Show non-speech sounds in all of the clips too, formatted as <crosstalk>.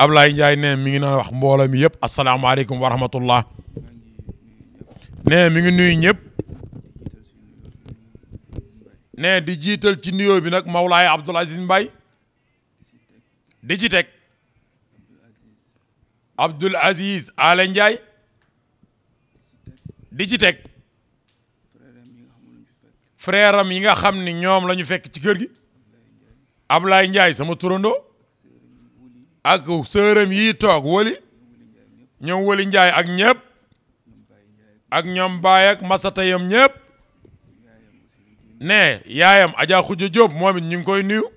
Ablaye Ndiaye nee mi ngi naan wax mbooloo mi yëpp asalaamaaleykum wa rahmatullah ne mi ngi nuyu ñëpp ne di jiital ci nuyoo bi nag Mawlaay Abdoul Aziz Mbaye di ci teg Abdoul Aziz Aale Ndiaye di ci teg frère yi nga xam ni ñoom la ñu fekk ci kër gi Ablaye Ndiaye sama turando ak sërëm yi toog wali ñoom wali njaay ak ñëpp ak ñoom baay ak masata yom ñëpp ne yaayam Adja Khoudia Diop moom it ñu ngi koy nuyu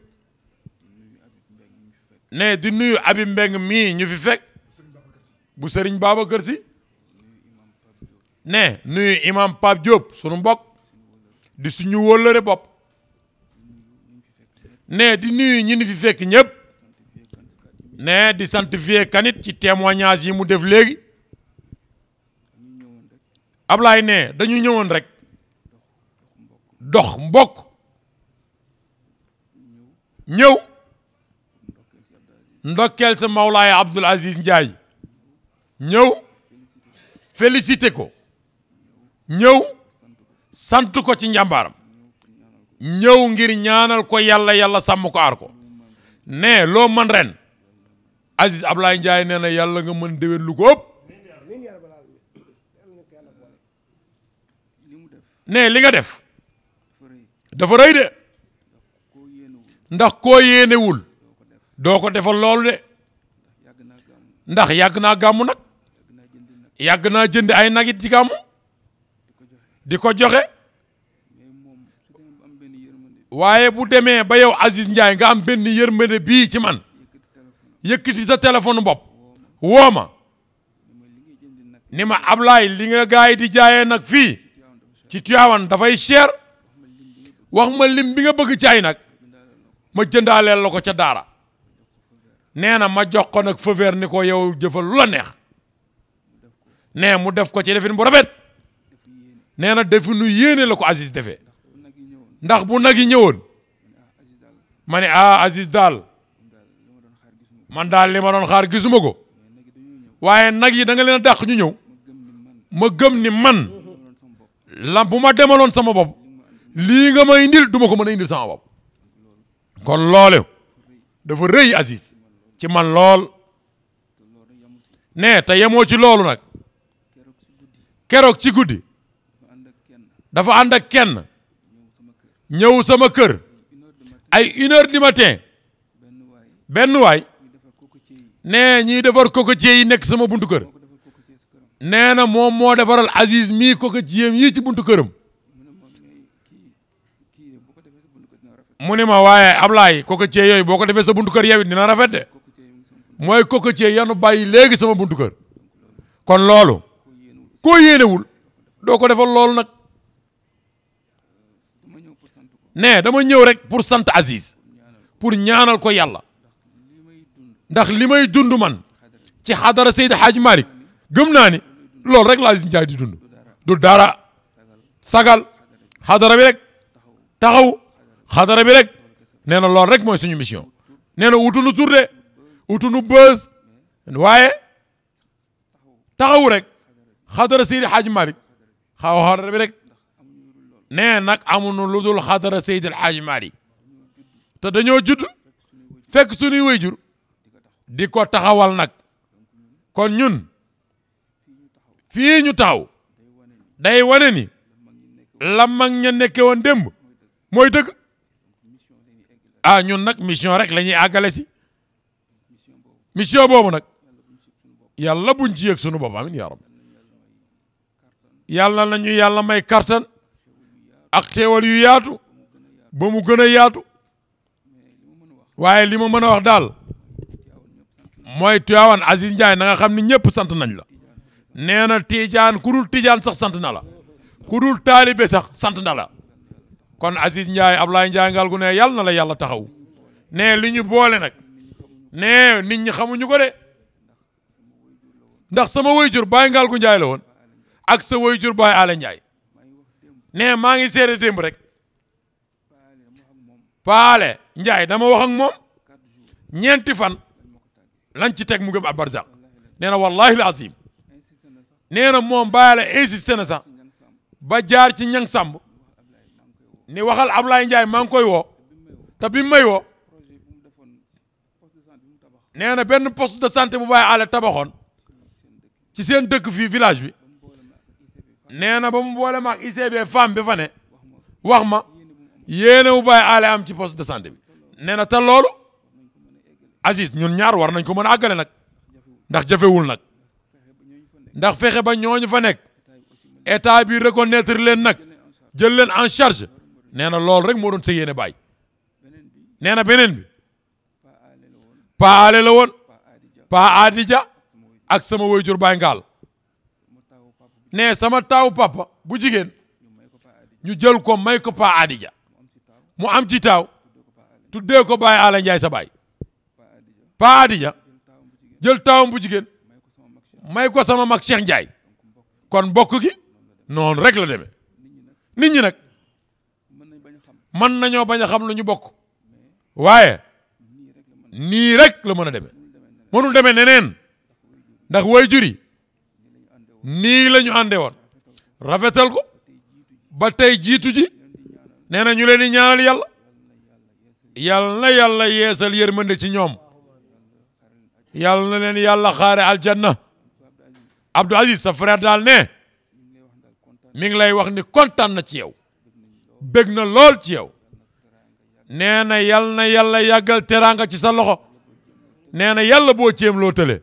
ne di nuyu abi mbeng mii ñu fi fekk bu sëriñ Babacar Si ne nuyu imam Pape Diop sunu mbokk di suñu wóllëre bopp ne di nuyu ñi ni fi fekk ñëpp ne di sant vie kanit ci témoignage yi mu def léegi Ablaye ne dañu ñëwoon rek dox mbokk ñëw ndokkeel sa Mawlaay Abdoul Aziz Ndiaye ñëw félicité ko ñëw sant ko ci njàmbaaram ñëw ngir ñaanal ko yàlla yàlla sàmm ko aar ko ne loo man ren Aziz Ablaye njaay nee na yàlla nga mën déwén lu ko ëpp ne li nga def dafa rëy de ndax koo yéenewul doo ko defal loolu de ndax yàgg naa gàmmu nag yàgg naa jënd ay nagit ci gàmmu di ko joxe waaye bu demee ba yow Aziz Ndiaye nga am benn yërmande bii ci man yëkkati sa téléphone bopp woo ma ni ma Ablaye li nga gars yi di jaayee nag fii ci Tivaouane dafay cher wax ma lim bi nga bëgg ci ay nag ma jëndaaleel la ko ca daara nee na ma jox ko nag faveur ni ko yow jëfal lu neex nee mu def ko ci defin bu rafet nee na definu yéene la ko Aziz defee ndax bu nag yi ñëwoon ma ne ah Aziz daal man daal li ma xaar gisuma ko waaye nag yi da nga leen a dàq ñu ñëw ma gëm ni man la bu ma demaloon sama bopp lii nga may indil du ko mën a indil sama bopp kon loole dafa rëy Aziz ci man lool ne te yemoo ci loolu nag keroog ci guddi dafa ànd ak kenn ñëw sama kër ay une heure du matin benn waay nee ñiy defar cocotier yi nekk sama buntu kër nee na moom moo defaral Aziz mii cocotier yi ci buntu këram mu ne ma waaye Ablaye cocotier yooyu boo ko defee sa buntu kër yow dina rafet de mooy cocotier yanu bàyyi léegi sama buntu kër kon loolu koo yéenewul doo ko defal loolu nag nee dama ñëw rek pour sant Aziz pour ñaanal ko yàlla ndax li may dund man ci xadara Seydi Hadj Malick gëm naa ni loolu rek laa gis Njaay di dund du dara sagal xadara bi rek taxaw xadara bi rek nee na loolu rek mooy suñu mission nee na wutu nu turde wutu nu bës waaye taxaw rek xadara Seydi Hadj Malick xaw xadara bi rek nee nag amuñu lu dul xadara Seydi Hadj Malick te dañoo judd fekk suñuy wayjur di ko taxawal nag kon ñun fii ñu taxaw day wane ni la mag ña nekke woon démb mooy dëgg ah ñun nag mission rek lañuy ñuy àggale si mission boobu nag yàlla buñ ci yëg sunu bopp amin yaa rabbi yàlla nañu yàlla may kartan ak xéewal yu yaatu ba mu gën a yaatu waaye li ma mën a wax daal mooy Tiwaawan Aziz Ndiaye na nga xam ni ñëpp sant nañ la nee na Tijaan ku dul sax sant na la ku dul taalibe sax sant na la kon Aziz Ndiaye Ablaye Ndiaye ngal gu ne yàlla na la yàlla taxaw nee li ñu boole nag nee nit ñi xamuñu ko de ndax sama wayjur Baye ngal gu Ndiaye la woon ak sa wayjur Baye Alé Ndiaye nee maa ngi seede démb rek Paale Ndiaye dama wax moom ñeenti fan. lañ ci teg mu gëm ab barzaq nee na wallahi azim nee na moom bàyyi la insisté na sax ba jaar ci ñang sàmb ni waxal Ablaye Ndiaye maa ngi koy woo te bi mu may woo nee na benn poste de sante bu bàyyi àll tabaxoon ci seen dëkk fii village bi nee na ba mu boole ma ak ICB femme bi fa ne wax ma yéene bu bàyyi am ci poste de santé bi nee na loolu Aziz ñun ñaar war nañ ko mën a àggale nag ndax jafewul nag ndax fexe ba ñooñu fa nekk état bi reconnaître leen nag jël leen en charge nee na loolu rek moo doon sa yéene bàyyi nee na beneen bi pa ale la woon pa adija ak sama waajur baay ngaal ne sama taaw papa bu jigéen ñu jël ko may ko pa adija mu am ci taaw tuddee ko baay ala njaay sa baay paa Adja jël taawam bu jigéen may ko sama mag Cheikh Ndiaye kon bokk gi noonu rek la demee nit ñi nag mën nañoo bañ a xam lañu bokk waaye nii rek la mën a demee mënul demee neneen ndax way juri nii lañu ñu àndee woon rafetal ko ba tey jiitu ji nee na ñu leen di ñaanal yàlla yàlla na yàlla yeesal yërmande ci ñoom yàlla na leen yàlla xaare aljanna Abdou Aziz sa daal ne mi ngi lay wax ni kontaan na ci yow bég na lool ci yow nee na yàlla na yàlla yàggal teraanga ci sa loxo nee na yàlla boo ceem loo tële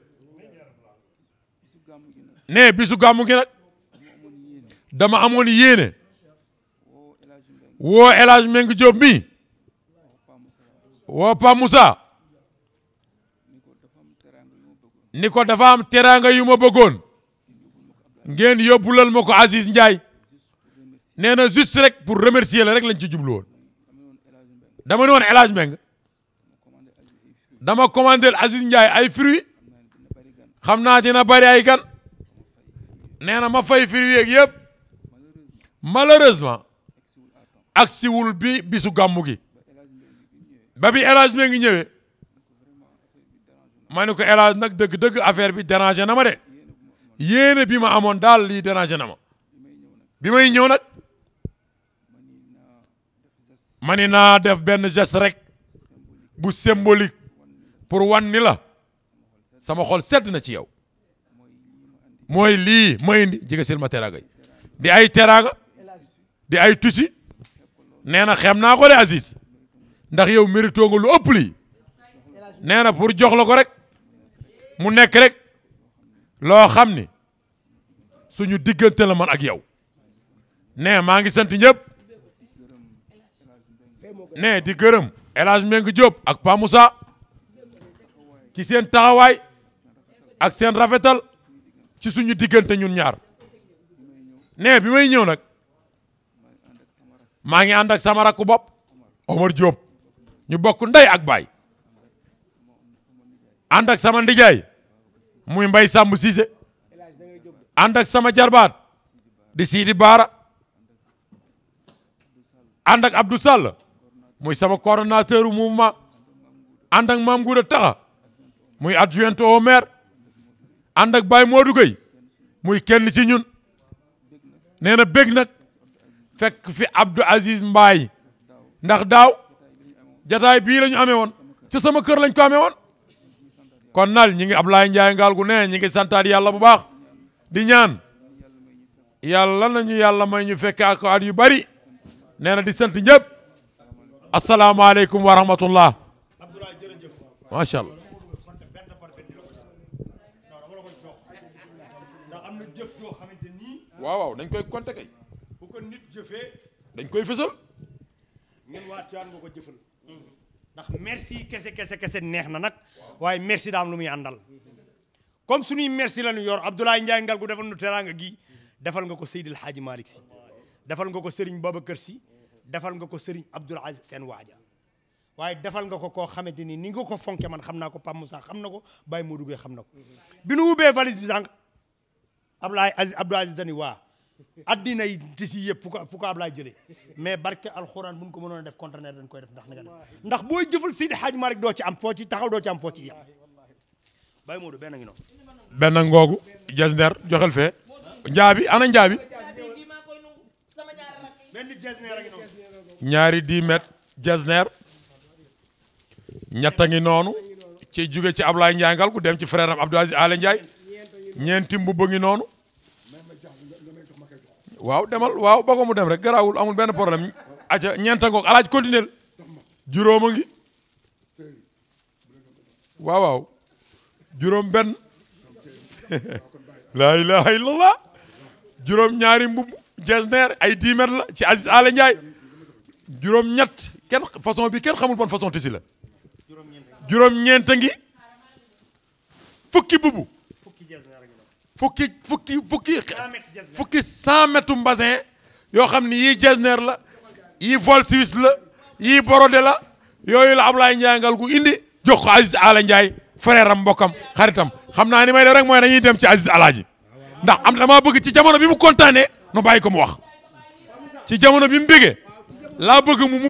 bisu gàmmu gi nag dama amoon yéene woo El Hadj Meng Diop mi woo Pa Moussa ni ko dafa am teraanga yu ma bëggoon ngeen yóbbulal ma ko Aziz Ndiaye nee rek pour remercier la rek lañ ci jublu woon dama ne woon El Hadj Mbengue dama commandé Aziz Ndiaye ay fruits xam naa dina bari ay gan nee na ma fay fruits yeeg yëpp malheureusement agsiwul bi bisu gàmmu gi ba bi El Hadj ngi ñëwee ma ne ko El nag dëgg-dëgg affaire bi dérangé na ma de yéene bi ma amoon daal lii dérangé na ma bi may ñëw nag mani naa def benn geste rek bu symbolique pour wan ni sama xol sedd na ci yow mooy lii ma indi jiga sil ma di ay teraanga di ay tusi nee na xem naa ko de Aziz ndax yow mérito nga lu ëpp lii nee na pour jox la ko rek mu nekk rek loo xam ni suñu diggante la man ak yow ne maa ngi sant ñëpp ne di gërëm El Hadj Mbengue jóop ak Pa Moussa ci seen taxawaay ak seen rafetal ci suñu diggante ñun ñaar ne bi may ñëw nag maa ngi ànd ak sama rakku bopp Omar Diop ñu bokk ndey ak baay ànd ak sama ndijaay muy Mbaye Samb Cissé ànd ak sama jarbaat di Sidi Baara ànd ak Abdou Sall muy sama coordonnateur mouvement ànd ak Mame Gouda Taxa muy adjoint au maire ànd ak Baye Modou Gueye muy kenn ci ñun nee na bég nag fekk fi Abdou Aziz Mbaye ndax daaw jataay bii la amee woon ci sama kër lañ ko amee woon kon naal ñi ngi Ablaye Ndiaye ngaal gu ne ñi ngi santaat yàlla bu baax di ñaan yàlla nañu yàlla may ñu fekk ak at yu bari nee na di sant ñëpp asalaamaaleykum wa rahmatullah macha allah waaw waaw dañ koy compter kay dañ koy fësal ngeen waa Tiwaawan ndax merci kese kese kese neex na nag waaye merci daam lu muy àndal comme suñuy merci la ñu yor Abdoulaye Ndiaye ngal gu defal nu teraanga gi defal nga ko Seydil Hadji Malick si defal nga ko Serigne kër si defal nga ko Serigne Abdoul Aziz seen waaja waaye defal nga ko koo xamante ni ni nga ko fonke man xam naa ko Pape Moussa xam na ko bay Modou duggee xam na ko bi nu ubbee valise bi sànq Abdoulaye Aziz Abdoul Aziz waa addina yi di si yëpp fu ko fu ko Ablaay jëlee mais barke alxuraan bu ko mënoon def conteneur dañ koy def ndax nga def ndax booy jëfal Seydi Hadj Malick doo ci am foo ci taxaw doo ci am foo ci yem ngoogu Jesner joxel fee. Njaabi ana Njaabi. ñaari 10 mètres Jesner. a ngi noonu. ci jóge ci Ablaye Ndiangal ku dem ci frère am Abdou Aziz Alé Ndiaye. ñeenti mbubb ngi noonu. waaw demal waaw ba mu dem rek garaawul amul benn problème aca ñeenta ngoog alaaj continuer juróom a ngi waaw waaw juróom benn laa <laughs> ilaha juróom ñaari mbubb jesneer ay 10 mètres la ci Aziz juróom ñett kenn façon bi kenn xamul bon façon tisi la juróom ñeenta ngi fukki bubu fukki fukki fukki fukki cent mètres mbasin yoo xam ni yii Getzner la yii vol suisse la yii borodé la yooyu la Ablaye Ndiaye ngal gu indi jox ko Aziz Ala Ndiaye frère am mbokkam xaritam xam naa ni may def rek mooy dañuy dem ci Aziz Alaaji ndax am damaa bëgg ci jamono bi mu kontaanee nu bàyyi ko mu wax ci jamono bi mu bégee laa bëgg mu